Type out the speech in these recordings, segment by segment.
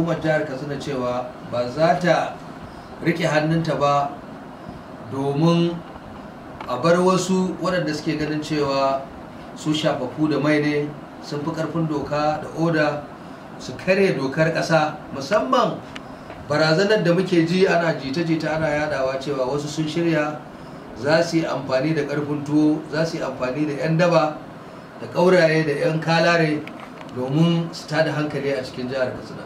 hukumar jihar katsina cewa ba za ta rike hannunta ba domin a bar wasu waɗanda suke ganin cewa su shafafu da mai ne sun fi ƙarfin doka da oda su kare dokar ƙasa musamman barazanar da muke ji ana jita-jita ana yadawa cewa wasu sun shirya za su yi amfani da ƙarfin tuwo za su yi amfani da 'yan daba da ƙauraye da 'yan kalare domin su tada hankali a cikin jihar katsina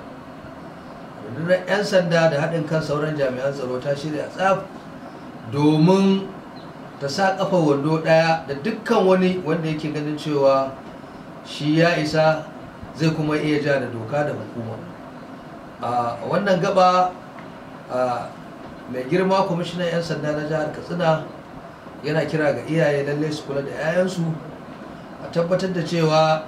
da 'yan sanda da haɗin kan sauran jami'an tsaro ta shirya tsaf domin ta sa ƙafa wando ɗaya da dukkan wani wanda yake ganin cewa shi ya isa zai kuma iya ja da doka da hukuma a wannan gaba mai girma kwamishinan 'yan sanda na jihar katsina yana kira ga iyaye lallai su kula da 'ya'yansu a tabbatar da cewa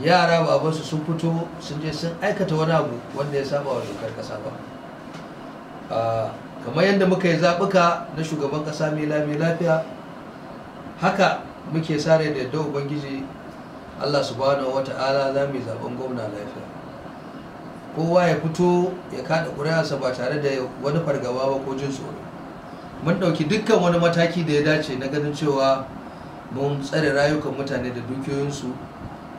yara babansu sun fito sun je sun aikata wani abu wanda ya saba wa dokar kasa ba kamar yadda muka yi zaɓuka na shugaban kasa mai lafiya haka muke sare da yadda ubangiji allah subhanahu wa ta'ala za mu yi zaɓen gwamna lafiya kowa ya fito ya kaɗa ƙuri'arsa ba tare da wani fargaba ba ko jin tsoro mun ɗauki dukkan wani mataki da ya dace na ganin cewa mun tsare rayukan mutane da dukiyoyinsu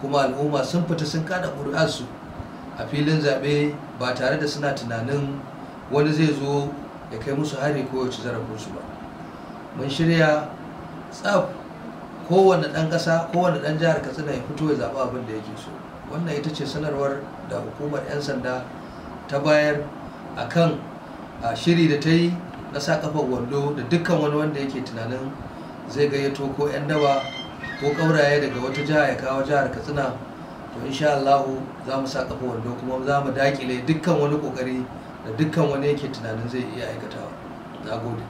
kuma al'umma sun fita sun kada ƙuri'arsu a filin zaɓe ba tare da suna tunanin wani zai zo ya kai musu hari ko ya ci zarafinsu ba mun shirya tsaf kowane ɗan ƙasa kowane ɗan jihar katsina ya fito ya zaɓa abin da yake so wannan ita ce sanarwar da hukumar 'yan sanda ta bayar akan a shiri da ta yi na sa kafar wando da dukkan wani wanda yake tunanin zai gayyato ko 'yan dawa. ko kauraye daga wata jiha ya kawo jihar katsina to insha Allah za mu sa kafa wando kuma za mu dakile dukkan wani kokari da dukkan wani yake tunanin zai iya aikatawa na gode